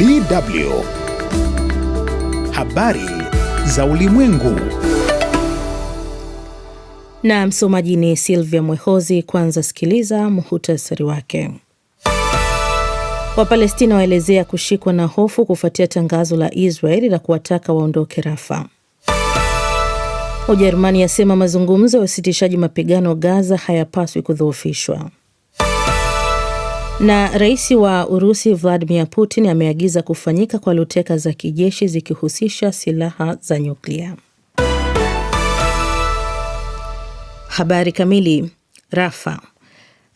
DW. Habari za Ulimwengu. Na msomaji ni Silvia Mwehozi. Kwanza sikiliza muhutasari wake. Wapalestina waelezea kushikwa na hofu kufuatia tangazo la Israeli la kuwataka waondoke Rafa. Ujerumani yasema mazungumzo ya usitishaji mapigano Gaza hayapaswi kudhoofishwa. Na rais wa Urusi Vladimir Putin ameagiza kufanyika kwa luteka za kijeshi zikihusisha silaha za nyuklia. Habari kamili. Rafa,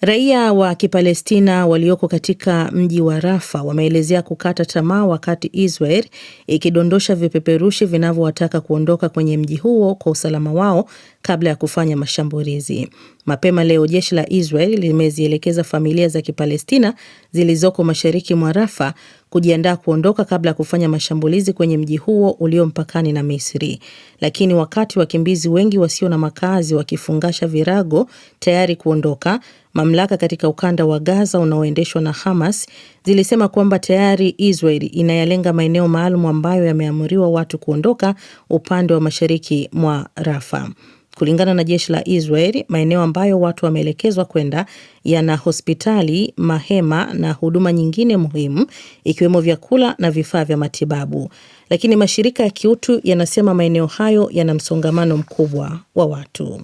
Raia wa Kipalestina walioko katika mji wa Rafa wameelezea kukata tamaa wakati Israel ikidondosha vipeperushi vinavyowataka kuondoka kwenye mji huo kwa usalama wao kabla ya kufanya mashambulizi. Mapema leo jeshi la Israel limezielekeza familia za Kipalestina zilizoko mashariki mwa Rafa kujiandaa kuondoka kabla ya kufanya mashambulizi kwenye mji huo ulio mpakani na Misri. Lakini wakati wakimbizi wengi wasio na makazi wakifungasha virago tayari kuondoka, mamlaka katika ukanda wa Gaza unaoendeshwa na Hamas zilisema kwamba tayari Israel inayalenga maeneo maalum ambayo yameamuriwa watu kuondoka upande wa mashariki mwa Rafa. Kulingana na jeshi la Israel, maeneo ambayo watu wameelekezwa kwenda yana hospitali, mahema na huduma nyingine muhimu ikiwemo vyakula na vifaa vya matibabu, lakini mashirika ya kiutu yanasema maeneo hayo yana msongamano mkubwa wa watu.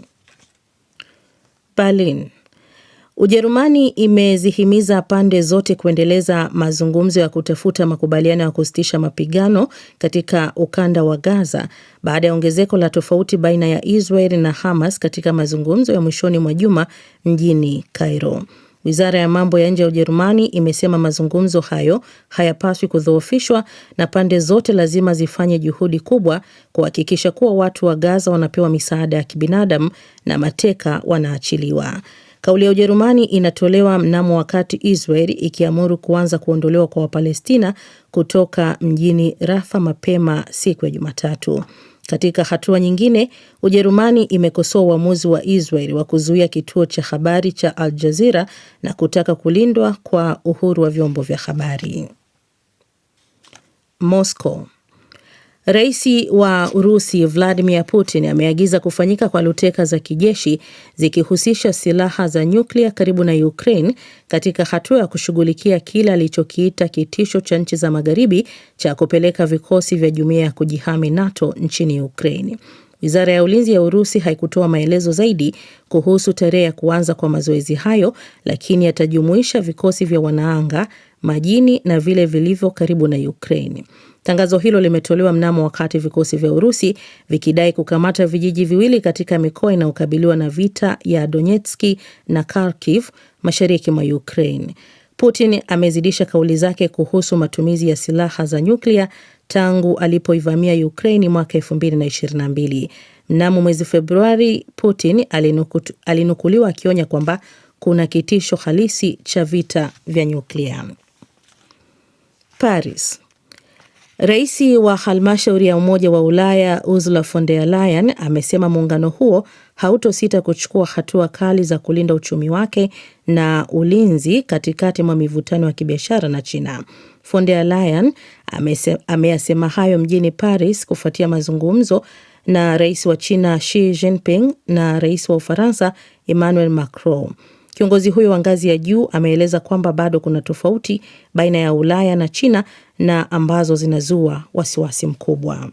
Berlin. Ujerumani imezihimiza pande zote kuendeleza mazungumzo ya kutafuta makubaliano ya kusitisha mapigano katika ukanda wa Gaza baada ya ongezeko la tofauti baina ya Israel na Hamas katika mazungumzo ya mwishoni mwa juma mjini Cairo. Wizara ya mambo ya nje ya Ujerumani imesema mazungumzo hayo hayapaswi kudhoofishwa na pande zote lazima zifanye juhudi kubwa kuhakikisha kuwa watu wa Gaza wanapewa misaada ya kibinadamu na mateka wanaachiliwa. Kauli ya Ujerumani inatolewa mnamo wakati Israel ikiamuru kuanza kuondolewa kwa Wapalestina kutoka mjini Rafa mapema siku ya Jumatatu. Katika hatua nyingine, Ujerumani imekosoa uamuzi wa Israel wa kuzuia kituo cha habari cha Al Jazeera na kutaka kulindwa kwa uhuru wa vyombo vya habari. Moscow Rais wa Urusi Vladimir Putin ameagiza kufanyika kwa luteka za kijeshi zikihusisha silaha za nyuklia karibu na Ukraine katika hatua ya kushughulikia kile alichokiita kitisho cha nchi za magharibi cha kupeleka vikosi vya jumuiya ya kujihami NATO nchini Ukraine. Wizara ya Ulinzi ya Urusi haikutoa maelezo zaidi kuhusu tarehe ya kuanza kwa mazoezi hayo, lakini yatajumuisha vikosi vya wanaanga, majini na vile vilivyo karibu na Ukraine. Tangazo hilo limetolewa mnamo wakati vikosi vya Urusi vikidai kukamata vijiji viwili katika mikoa inayokabiliwa na vita ya Donetski na Kharkiv mashariki mwa Ukraine. Putin amezidisha kauli zake kuhusu matumizi ya silaha za nyuklia tangu alipoivamia Ukraini mwaka mbili. Mnamo mwezi Februari, Putin alinuku, alinukuliwa akionya kwamba kuna kitisho halisi cha vita vya nyuklia. Paris. Rais wa halmashauri ya Umoja wa Ulaya Ursula von der Leyen amesema muungano huo hautosita kuchukua hatua kali za kulinda uchumi wake na ulinzi katikati mwa mivutano ya kibiashara na China. Von der Leyen ameyasema hayo mjini Paris kufuatia mazungumzo na rais wa China Xi Jinping na rais wa Ufaransa Emmanuel Macron. Kiongozi huyo wa ngazi ya juu ameeleza kwamba bado kuna tofauti baina ya Ulaya na China na ambazo zinazua wasiwasi mkubwa.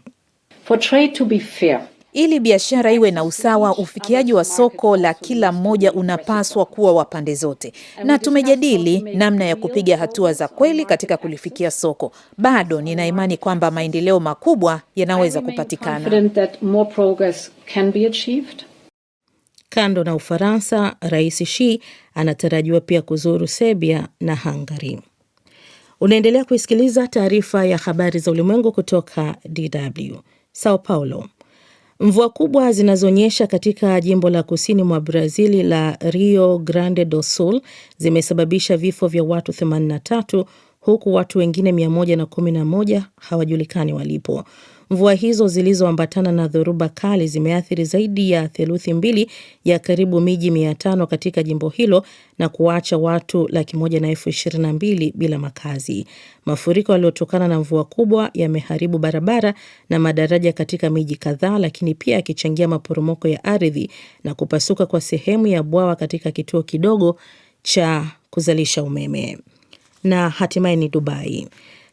For trade to be fair. Ili biashara iwe na usawa, ufikiaji wa soko la kila mmoja unapaswa kuwa wa pande zote, na tumejadili namna ya kupiga hatua za kweli katika kulifikia soko. Bado nina imani kwamba maendeleo makubwa yanaweza kupatikana. Kando na Ufaransa, Rais Xi anatarajiwa pia kuzuru Serbia na Hungary. Unaendelea kuisikiliza taarifa ya habari za ulimwengu kutoka DW. Sao Paulo. Mvua kubwa zinazonyesha katika jimbo la kusini mwa Brazili la Rio Grande do Sul zimesababisha vifo vya watu 83 huku watu wengine 111 hawajulikani walipo. Mvua hizo zilizoambatana na dhoruba kali zimeathiri zaidi ya theluthi mbili ya karibu miji mia tano katika jimbo hilo na kuacha watu laki moja na elfu ishirini na mbili bila makazi. Mafuriko yaliyotokana na mvua kubwa yameharibu barabara na madaraja katika miji kadhaa, lakini pia yakichangia maporomoko ya ardhi na kupasuka kwa sehemu ya bwawa katika kituo kidogo cha kuzalisha umeme. Na hatimaye ni Dubai.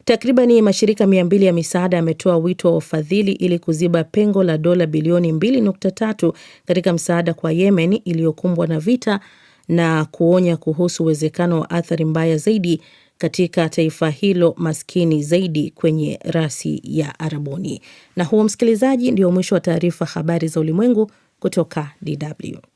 Takribani mashirika mia mbili ya misaada yametoa wito wa ufadhili ili kuziba pengo la dola bilioni 2.3 katika msaada kwa Yemen iliyokumbwa na vita na kuonya kuhusu uwezekano wa athari mbaya zaidi katika taifa hilo maskini zaidi kwenye rasi ya Arabuni. Na huo msikilizaji, ndio mwisho wa taarifa habari za ulimwengu kutoka DW.